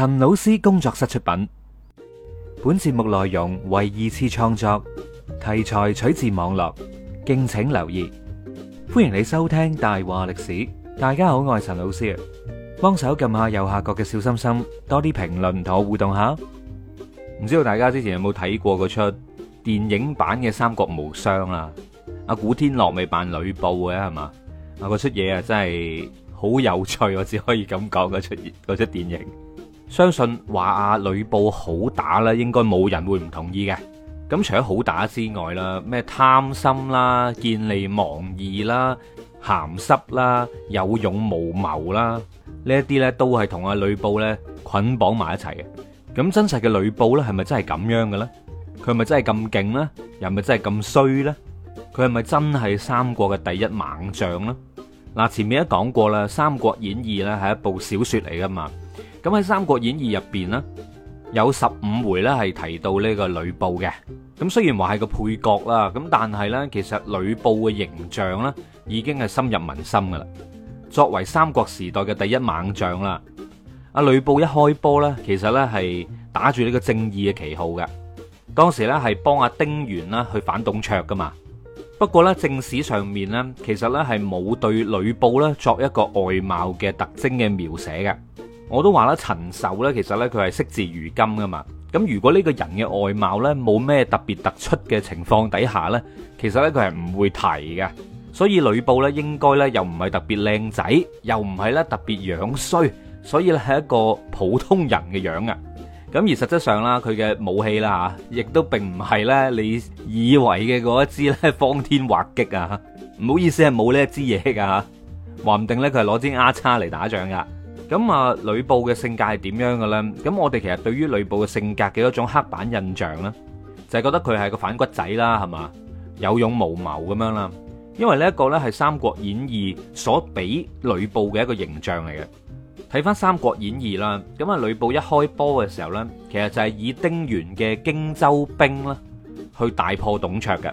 陳老師工作室出品，本節目內容為二次創作，題材取自網絡，敬請留意。歡迎你收聽《大話歷史》。大家好，我係陳老師幫手撳下右下角嘅小心心，多啲評論同我互動下。唔知道大家之前有冇睇過嗰出電影版嘅《三國無雙》啊？阿古天樂未扮呂布啊係嘛？啊，嗰出嘢啊真係好有趣，我只可以咁講嗰出嗰出電影。相信話阿呂布好打啦，應該冇人會唔同意嘅。咁喺《三國演義》入邊呢，有十五回呢係提到呢個呂布嘅。咁雖然話係個配角啦，咁但係呢，其實呂布嘅形象呢已經係深入民心噶啦。作為三國時代嘅第一猛將啦，阿呂布一開波呢，其實呢係打住呢個正義嘅旗號嘅。當時呢係幫阿丁原啦去反董卓噶嘛。不過呢，正史上面呢，其實呢係冇對呂布呢作一個外貌嘅特徵嘅描寫嘅。我都話啦，陳壽咧，其實咧佢係惜字如金噶嘛。咁如果呢個人嘅外貌咧冇咩特別突出嘅情況底下咧，其實咧佢係唔會提嘅。所以呂布咧應該咧又唔係特別靚仔，又唔係咧特別樣衰，所以咧係一個普通人嘅樣啊。咁而實質上啦，佢嘅武器啦嚇，亦都並唔係咧你以為嘅嗰一支咧方天畫戟啊。唔好意思係冇呢一支嘢噶嚇，話唔定咧佢係攞支丫叉嚟打仗噶。咁啊，呂布嘅性格係點樣嘅咧？咁我哋其實對於呂布嘅性格嘅一種刻板印象咧，就係、是、覺得佢係個反骨仔啦，係嘛，有勇無謀咁樣啦。因為呢一個咧係《三國演義》所俾呂布嘅一個形象嚟嘅。睇翻《三國演義》啦，咁啊呂布一開波嘅時候咧，其實就係以丁原嘅荊州兵啦，去大破董卓嘅。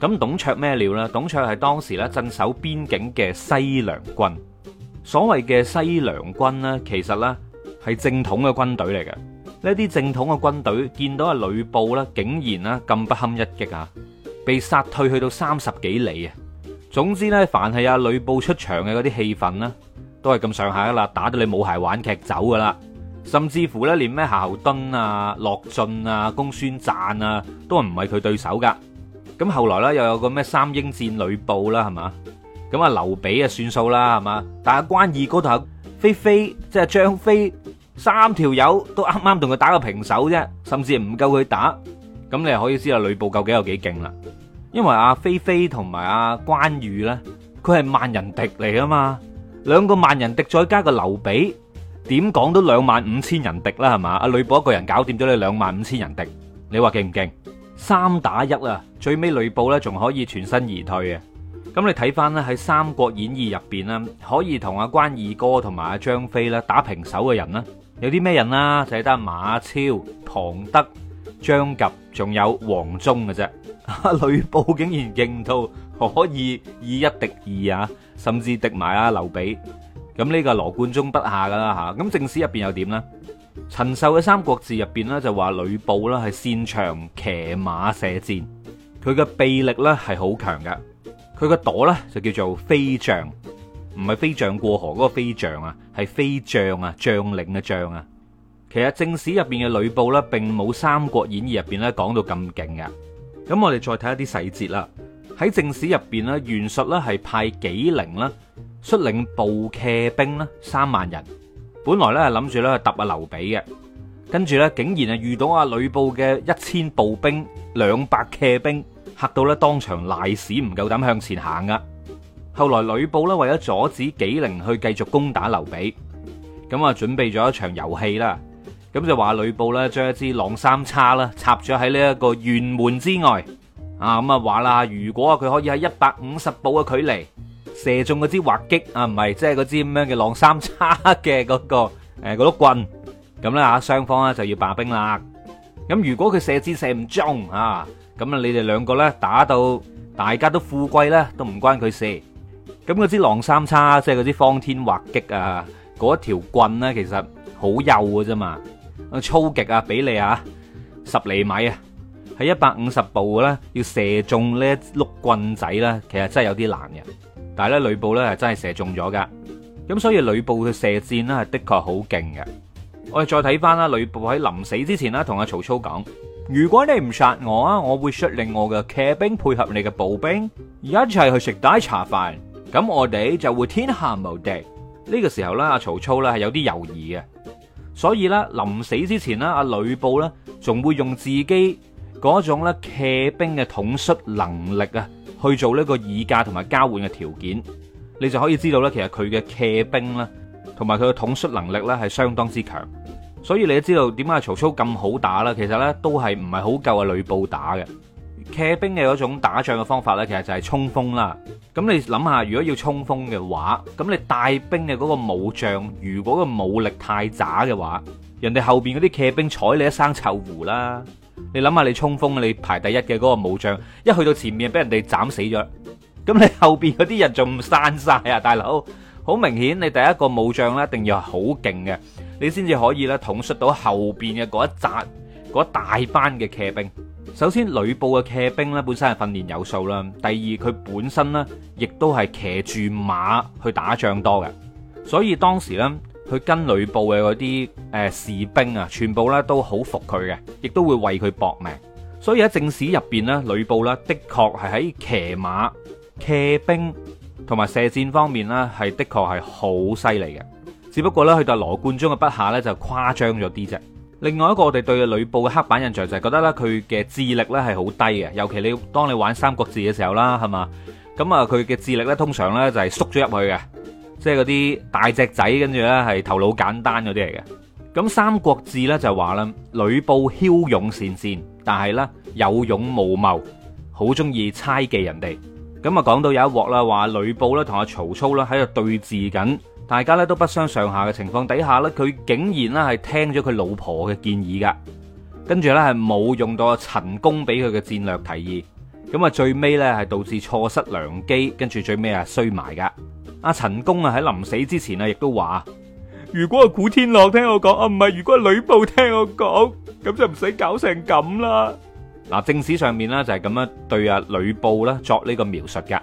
咁董卓咩料呢？董卓係當時咧鎮守邊境嘅西涼軍。所謂嘅西涼軍呢，其實呢係正統嘅軍隊嚟嘅。呢啲正統嘅軍隊見到阿呂布呢，竟然呢咁不堪一擊啊，被殺退去到三十幾里啊。總之呢，凡係阿呂布出場嘅嗰啲戲份呢，都係咁上下啦，打到你冇鞋玩劇走噶啦。甚至乎呢，連咩夏侯惇啊、樂進啊、公孫瓚啊，都唔係佢對手噶。咁後來呢，又有個咩三英戰呂布啦，係嘛？咁啊，劉備啊算數啦，係嘛？但係關二嗰度阿飛飛即係張飛三條友都啱啱同佢打個平手啫，甚至係唔夠佢打。咁你又可以知啦，呂布究竟有幾勁啦？因為阿飛飛同埋阿關羽咧，佢係萬人敵嚟啊嘛，兩個萬人敵再加個劉備，點講都兩萬五千人敵啦，係嘛？阿呂布一個人搞掂咗你兩萬五千人敵，你話勁唔勁？三打一啊，最尾呂布咧仲可以全身而退啊！咁你睇翻咧喺《三國演義》入邊咧，可以同阿關二哥同埋阿張飛咧打平手嘅人咧，有啲咩人啦？就係得馬超、龐德、張郃，仲有黃忠嘅啫。呂布竟然勁到可以以一敵二啊，甚至敵埋阿劉備。咁呢個羅貫中筆下噶啦吓。咁正史入邊又點呢？陳壽嘅《三國志》入邊呢，就話呂布呢係擅長騎馬射箭，佢嘅臂力呢係好強嘅。佢個朵咧就叫做飛將，唔係飛象過河嗰個飛象啊，係飛將啊，將領嘅將啊。其實正史入邊嘅呂布咧，並冇三國演義入邊咧講到咁勁嘅。咁我哋再睇一啲細節啦。喺正史入邊咧，袁術咧係派紀靈啦，率領步騎兵咧三萬人，本來咧係諗住咧去揼啊劉備嘅，跟住咧竟然啊遇到啊呂布嘅一千步兵兩百騎兵。吓到咧當場賴屎唔夠膽向前行噶後來呂布咧為咗阻止紀靈去繼續攻打劉備，咁啊準備咗一場遊戲啦。咁就話呂布咧將一支狼三叉啦插咗喺呢一個轅門之外。啊咁啊話啦，如果佢可以喺一百五十步嘅距離射中嗰支滑擊啊，唔係即係嗰支咁樣嘅狼三叉嘅嗰個誒嗰碌棍，咁啦吓雙方咧就要罷兵啦。咁如果佢射箭射唔中啊？咁啊，你哋兩個咧打到大家都富貴啦，都唔關佢事。咁嗰支狼三叉，即係嗰啲方天畫戟啊，嗰一條棍咧，其實好幼嘅啫嘛。啊，粗極啊，俾你啊，十厘米啊，喺一百五十步咧，要射中一呢一碌棍仔咧，其實真係有啲難嘅。但係咧，呂布咧係真係射中咗噶。咁所以呂布嘅射箭咧係的確好勁嘅。我哋再睇翻啦，呂布喺臨死之前啦，同阿、啊、曹操講。如果你唔殺我啊，我會率領我嘅騎兵配合你嘅步兵，而一齊去食大茶飯，咁我哋就會天下無敵。呢個時候阿曹操啦係有啲猶豫嘅，所以啦臨死之前啦，阿呂布呢仲會用自己嗰種咧騎兵嘅統率能力啊，去做呢個議價同埋交換嘅條件，你就可以知道咧，其實佢嘅騎兵啦同埋佢嘅統率能力咧係相當之強。所以你都知道點解曹操咁好打啦？其實呢，都係唔係好夠阿呂布打嘅。騎兵嘅嗰種打仗嘅方法呢，其實就係衝鋒啦。咁你諗下，如果要衝鋒嘅話，咁你帶兵嘅嗰個武將，如果個武力太渣嘅話，人哋後邊嗰啲騎兵踩你一身臭狐啦。你諗下，你衝鋒你排第一嘅嗰個武將，一去到前面俾人哋斬死咗，咁你後邊嗰啲人仲唔散晒啊？大佬，好明顯，你第一個武將咧一定要係好勁嘅。你先至可以咧統率到後邊嘅嗰一紮、嗰大班嘅騎兵。首先，呂布嘅騎兵咧本身係訓練有素啦。第二，佢本身呢亦都係騎住馬去打仗多嘅。所以當時呢，佢跟呂布嘅嗰啲誒士兵啊，全部咧都好服佢嘅，亦都會為佢搏命。所以喺正史入邊呢，呂布呢的確係喺騎馬、騎兵同埋射箭方面呢，係的確係好犀利嘅。只不過咧，去到係羅貫中嘅筆下咧，就誇張咗啲啫。另外一個我哋對呂布嘅刻板印象就係覺得咧，佢嘅智力咧係好低嘅。尤其你當你玩《三國志》嘅時候啦，係嘛？咁啊，佢嘅智力咧通常咧就係縮咗入去嘅，即係嗰啲大隻仔，跟住咧係頭腦簡單嗰啲嚟嘅。咁《三國志》咧就話咧，呂布驍勇善戰，但係咧有勇無謀，好中意猜忌人哋。咁啊，講到有一鑊啦，話呂布咧同阿曹操咧喺度對峙緊。大家咧都不相上下嘅情況底下咧，佢竟然咧係聽咗佢老婆嘅建議噶，跟住呢，係冇用到阿陳宮俾佢嘅戰略提議，咁啊最尾呢，係導致錯失良機，跟住最尾係衰埋噶。阿陳宮啊喺臨死之前啊亦都話：如果阿古天樂聽我講啊，唔係如果阿呂布聽我講，咁就唔使搞成咁啦。嗱，正史上面呢，就係咁樣對阿呂布呢，作呢個描述噶，《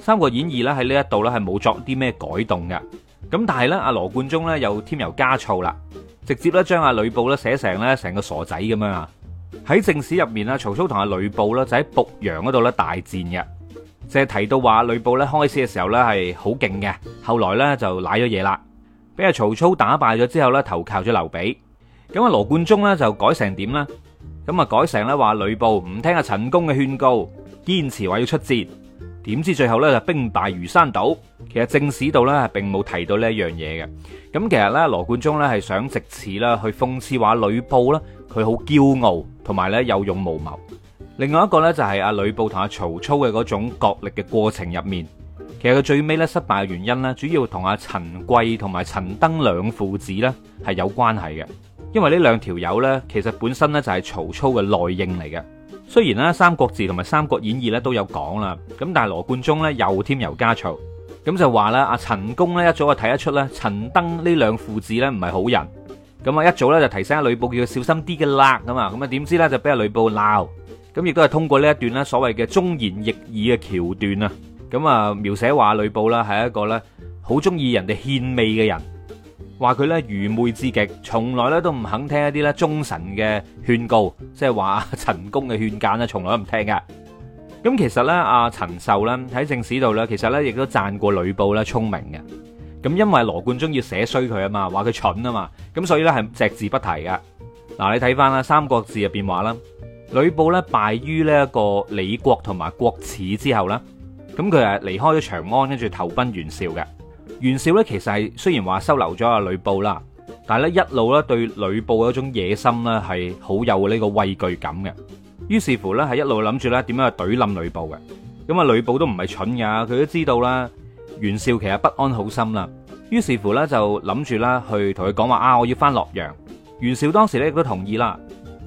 三國演義》咧喺呢一度呢，係冇作啲咩改動噶。咁但係咧，阿羅貫中咧又添油加醋啦，直接咧將阿呂布咧寫成咧成個傻仔咁樣啊！喺正史入面咧，曹操同阿呂布咧就喺濮陽嗰度咧大戰嘅，淨係提到話呂布咧開始嘅時候咧係好勁嘅，後來咧就瀨咗嘢啦，俾阿曹操打敗咗之後咧投靠咗劉備。咁阿羅貫中咧就改成點咧？咁啊改成咧話呂布唔聽阿陳宮嘅勸告，堅持話要出戰。點知最後咧就兵敗如山倒，其實正史度咧係並冇提到呢一樣嘢嘅。咁其實咧羅貫中咧係想藉此啦去諷刺話呂布咧佢好驕傲同埋咧有勇無謀。另外一個咧就係阿呂布同阿曹操嘅嗰種角力嘅過程入面，其實佢最尾咧失敗嘅原因咧主要同阿陳貴同埋陳登兩父子咧係有關係嘅，因為兩呢兩條友咧其實本身咧就係曹操嘅內應嚟嘅。雖然三國志同埋三國演義都有講啦,但係羅貫中又添油加醋話佢咧愚昧之極，從來咧都唔肯聽一啲咧忠臣嘅勸告，即係話陳宮嘅勸諫咧，從來都唔聽嘅。咁其實咧，阿陳壽咧喺正史度咧，其實咧亦都讚過呂布咧聰明嘅。咁因為羅貫中要寫衰佢啊嘛，話佢蠢啊嘛，咁所以咧係只字不提嘅。嗱，你睇翻啦《三國志》入邊話啦，呂布咧敗於呢一個李傕同埋郭汜之後啦，咁佢誒離開咗長安，跟住投奔袁紹嘅。袁紹咧其實係雖然話收留咗阿呂布啦，但係咧一路咧對呂布嗰種野心咧係好有呢個畏懼感嘅。於是乎咧係一路諗住咧點樣去懟冧呂布嘅。咁啊呂布都唔係蠢㗎，佢都知道啦，袁紹其實不安好心啦。於是乎咧就諗住啦去同佢講話啊，我要返洛陽。袁紹當時咧亦都同意啦，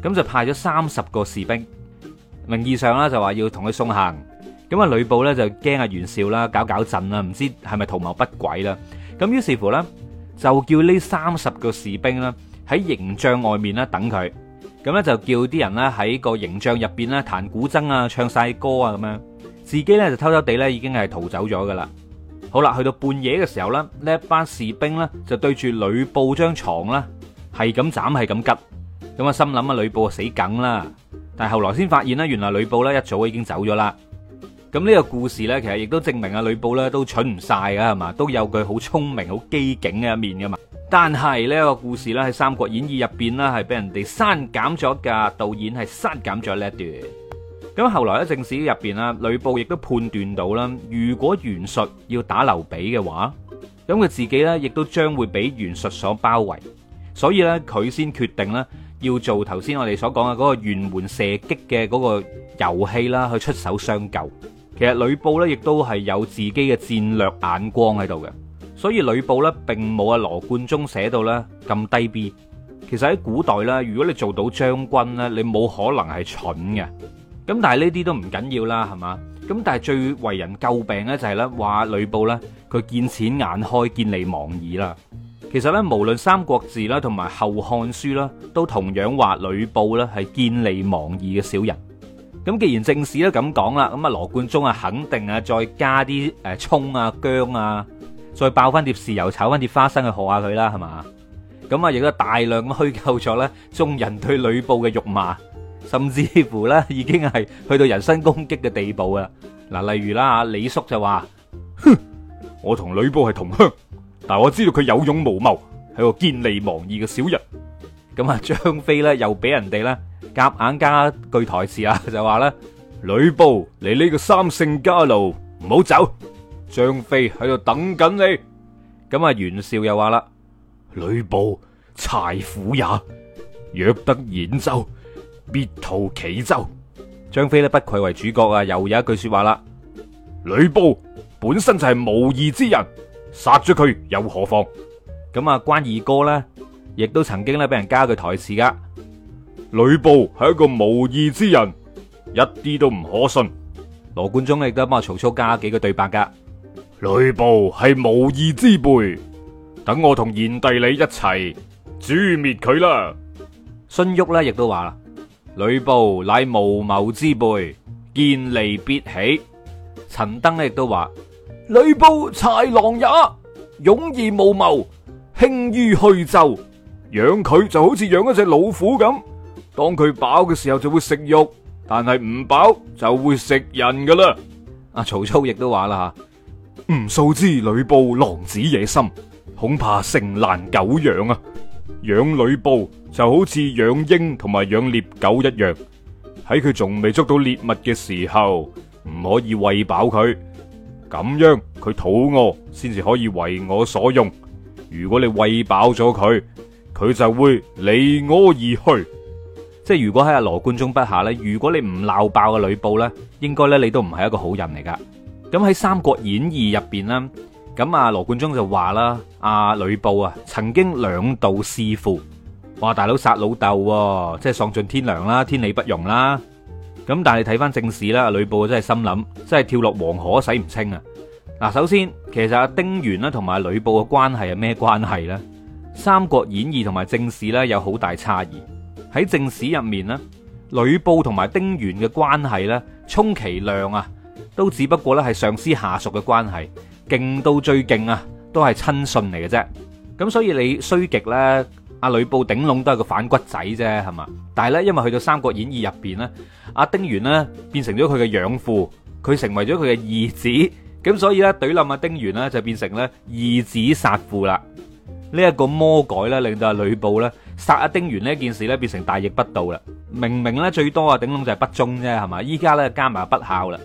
咁就派咗三十個士兵，名義上啦就話要同佢送行。咁啊！呂布咧就驚啊袁紹啦，搞搞震啦，唔知係咪圖謀不軌啦。咁於是乎咧，就叫呢三十個士兵咧喺營帳外面啦等佢。咁咧就叫啲人咧喺個營帳入邊咧彈古箏啊、唱晒歌啊咁樣，自己咧就偷偷地咧已經係逃走咗噶啦。好啦，去到半夜嘅時候咧，呢一班士兵咧就對住呂布張床啦，係咁斬係咁吉。咁啊心諗啊呂布啊死梗啦，但係後來先發現咧，原來呂布咧一早已經走咗啦。咁呢個故事咧，其實亦都證明啊，呂布咧都蠢唔晒噶，係嘛？都有佢好聰明、好機警嘅一面噶嘛。但係呢個故事咧喺《三國演義》入邊咧係俾人哋刪減咗噶，導演係刪減咗呢一段。咁後來咧正史入邊啦，呂布亦都判斷到啦，如果袁術要打劉備嘅話，咁佢自己咧亦都將會俾袁術所包圍，所以咧佢先決定咧要做頭先我哋所講嘅嗰個轅門射戟嘅嗰個遊戲啦，去出手相救。其實呂布咧，亦都係有自己嘅戰略眼光喺度嘅，所以呂布咧，並冇阿羅貫中寫到咧咁低 B。其實喺古代咧，如果你做到將軍咧，你冇可能係蠢嘅。咁但係呢啲都唔緊要啦，係嘛？咁但係最為人詬病咧就係咧話呂布咧，佢見錢眼開，見利忘義啦。其實咧，無論《三國志》啦，同埋《後漢書》啦，都同樣話呂布咧係見利忘義嘅小人。咁既然正史都咁講啦，咁啊羅貫中啊肯定啊再加啲誒蔥啊薑啊，再爆翻碟豉油炒翻碟花生去賀下佢啦，係嘛？咁啊亦都大量虛構咗咧，眾人對呂布嘅辱罵，甚至乎咧已經係去到人身攻擊嘅地步啊！嗱，例如啦啊，李叔就話：哼，我同呂布係同鄉，但我知道佢有勇無謀，係個見利忘義嘅小人。咁啊，張飛咧又俾人哋咧。夾硬加句台詞啊，就話咧：呂布你呢個三姓家奴，唔好走！張飛喺度等緊你。咁啊，袁紹又話啦：呂布豺虎也，若得兗州，必圖其州。張飛呢，不愧為主角啊，又有一句說話啦：呂布本身就係無義之人，殺咗佢又何妨？咁啊，關二哥咧，亦都曾經咧俾人加句台詞噶。呂布係一個無義之人，一啲都唔可信。羅貫中亦都幫曹操加幾個對白噶。呂布係無義之輩，等我同賢帝你一齊誅滅佢啦。荀彧咧亦都話：呂布乃無謀之輩，見利必喜。陳登咧亦都話：呂布豺狼也，勇而無謀，輕於去就。」養佢就好似養一隻老虎咁。當佢飽嘅時候就會食肉，但係唔飽就會食人噶啦。阿、啊、曹操亦都話啦吓，吾、素、知呂布狼子野心，恐怕成難久養啊。養呂布就好似養鷹同埋養獵狗一樣，喺佢仲未捉到獵物嘅時候，唔可以餵飽佢，咁樣佢肚餓先至可以為我所用。如果你餵飽咗佢，佢就會離我而去。即係如果喺阿羅貫中筆下呢，如果你唔鬧爆阿呂布呢，應該呢，你都唔係一個好人嚟噶。咁喺《三國演義》入邊啦，咁啊羅貫中就話啦，阿呂布啊，曾經兩度弑父，哇大佬殺老豆，即係喪盡天良啦，天理不容啦。咁但係你睇翻正史啦，呂布真係心諗，真係跳落黃河都洗唔清啊！嗱，首先其實阿丁原咧同埋阿呂布嘅關係係咩關係呢？《三國演義》同埋正史呢，有好大差異。喺正史入面咧，呂布同埋丁原嘅關係咧，充其量啊，都只不過咧係上司下屬嘅關係，勁到最勁啊，都係親信嚟嘅啫。咁所以你衰極呢，阿呂布頂籠都係個反骨仔啫，係嘛？但係呢，因為去到《三國演義》入邊咧，阿丁原咧變成咗佢嘅養父，佢成為咗佢嘅兒子，咁所以呢，懟冧阿丁原呢，就變成呢兒子殺父啦。呢一個魔改呢，令到阿呂布呢。殺阿丁原呢一件事咧，變成大逆不道啦！明明咧最多啊，頂籠就係不忠啫，係嘛？依家咧加埋不孝啦。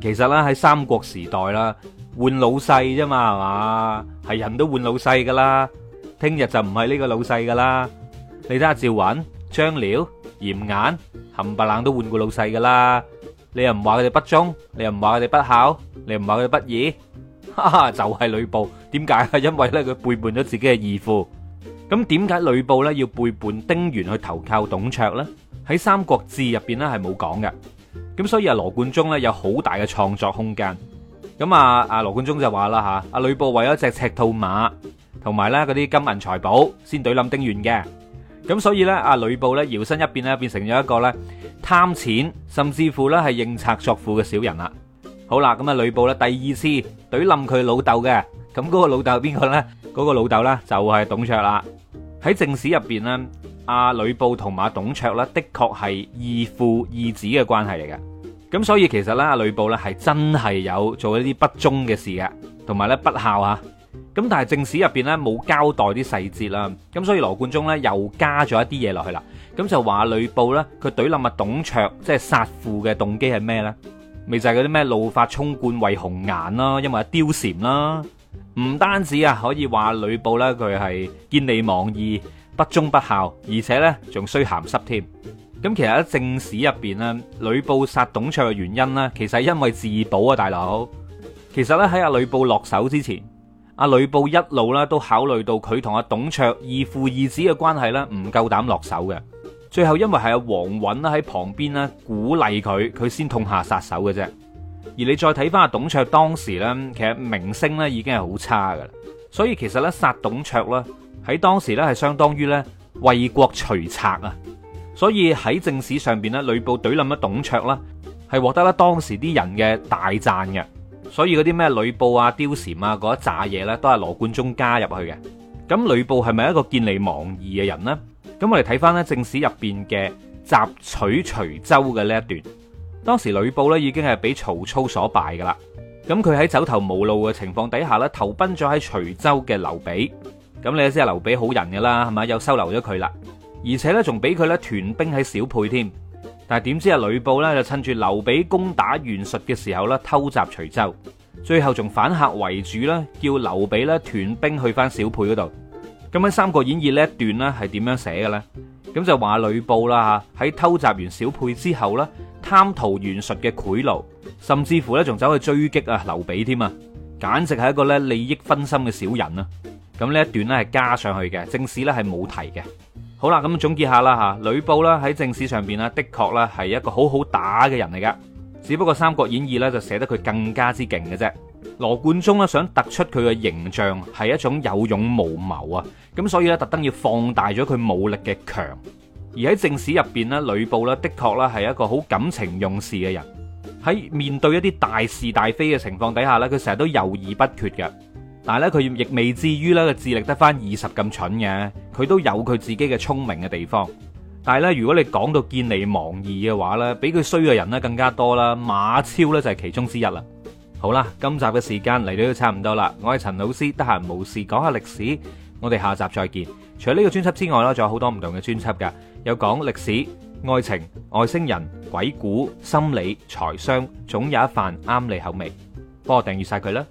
其實咧喺三國時代啦，換老細啫嘛，係嘛？係人都換老細噶啦。聽日就唔係呢個老細噶啦。你睇下趙雲、張遼、嚴顏，冚唪唥都換過老細噶啦。你又唔話佢哋不忠，你又唔話佢哋不孝，你又唔話佢哋不義，哈哈，就係呂布。點解啊？因為咧佢背叛咗自己嘅義父。咁點解呂布咧要背叛丁原去投靠董卓咧？喺《三國志》入邊咧係冇講嘅，咁所以阿羅貫中咧有好大嘅創作空間。咁啊啊羅貫中就話啦吓，阿呂布為咗隻赤兔馬同埋咧嗰啲金銀財寶，先懟冧丁原嘅。咁所以咧阿呂布咧搖身一變咧變成咗一個咧貪錢，甚至乎咧係認賊作父嘅小人啦。好啦，咁啊呂布咧第二次懟冧佢老豆嘅。咁、那、嗰個老豆邊個呢？嗰、那個老豆呢，就係董卓啦。喺正史入面呢，阿呂布同埋董卓呢，的確係義父義子嘅關係嚟嘅。咁所以其實呢，阿呂布呢係真係有做一啲不忠嘅事嘅，同埋呢不孝啊。咁但係正史入面呢，冇交代啲細節啦，咁所以羅貫中呢，又加咗一啲嘢落去啦。咁就話呂布呢，佢懟冧阿董卓，即係殺父嘅動機係咩呢？咪就係嗰啲咩怒發衝冠為紅顏啦，因為貂蟬啦。唔單止啊，可以話呂布咧，佢係見利忘義、不忠不孝，而且咧仲衰鹹濕添。咁其實喺正史入邊咧，呂布殺董卓嘅原因咧，其實係因為自保啊，大佬。其實咧喺阿呂布落手之前，阿呂布一路咧都考慮到佢同阿董卓義父義子嘅關係咧，唔夠膽落手嘅。最後因為係阿王允啦喺旁邊咧鼓勵佢，佢先痛下殺手嘅啫。而你再睇翻阿董卓當時呢，其實名聲呢已經係好差㗎。所以其實呢，殺董卓呢喺當時呢係相當於呢為國除賊啊，所以喺正史上邊呢，呂布懟冧咗董卓呢，係獲得咧當時啲人嘅大讚嘅，所以嗰啲咩呂布啊、貂蟬啊嗰一扎嘢呢，都係羅貫中加入去嘅。咁呂布係咪一個見利忘義嘅人呢？咁我哋睇翻呢正史入邊嘅襲取徐州嘅呢一段。當時呂布咧已經係俾曹操所敗噶啦，咁佢喺走投無路嘅情況底下咧，投奔咗喺徐州嘅劉備，那劉備。咁你即係阿劉備好人噶啦，係咪？又收留咗佢啦，而且咧仲俾佢咧團兵喺小沛添。但係點知阿呂布咧就趁住劉備攻打袁術嘅時候咧偷襲徐州，最後仲反客為主啦，叫劉備咧團兵去翻小沛嗰度。咁喺《三國演義》呢一段咧係點樣寫嘅咧？咁就話呂布啦，喺偷襲完小沛之後咧。貪圖袁術嘅賄賂，甚至乎咧仲走去追擊啊，劉備添啊，簡直係一個咧利益分心嘅小人啊！咁呢一段咧係加上去嘅，正史咧係冇提嘅。好啦，咁總結一下啦吓，呂布咧喺正史上邊呢，的確咧係一個好好打嘅人嚟噶，只不過三國演義呢就寫得佢更加之勁嘅啫。羅貫中咧想突出佢嘅形象係一種有勇無謀啊，咁所以呢，特登要放大咗佢武力嘅強。而喺正史入邊咧，呂布咧的確咧係一個好感情用事嘅人，喺面對一啲大是大非嘅情況底下咧，佢成日都猶豫不決嘅。但係咧，佢亦未至於咧佢個智力得返二十咁蠢嘅，佢都有佢自己嘅聰明嘅地方。但係咧，如果你講到見利忘義嘅話咧，比佢衰嘅人咧更加多啦。馬超咧就係其中之一啦。好啦，今集嘅時間嚟到都差唔多啦，我係陳老師，得閒無事講下歷史，我哋下集再見。除咗呢個專輯之外，呢仲有好多唔同嘅專輯㗎。有講歷史、愛情、外星人、鬼故、心理、財商，總有一番啱你口味。幫我訂閱晒佢啦！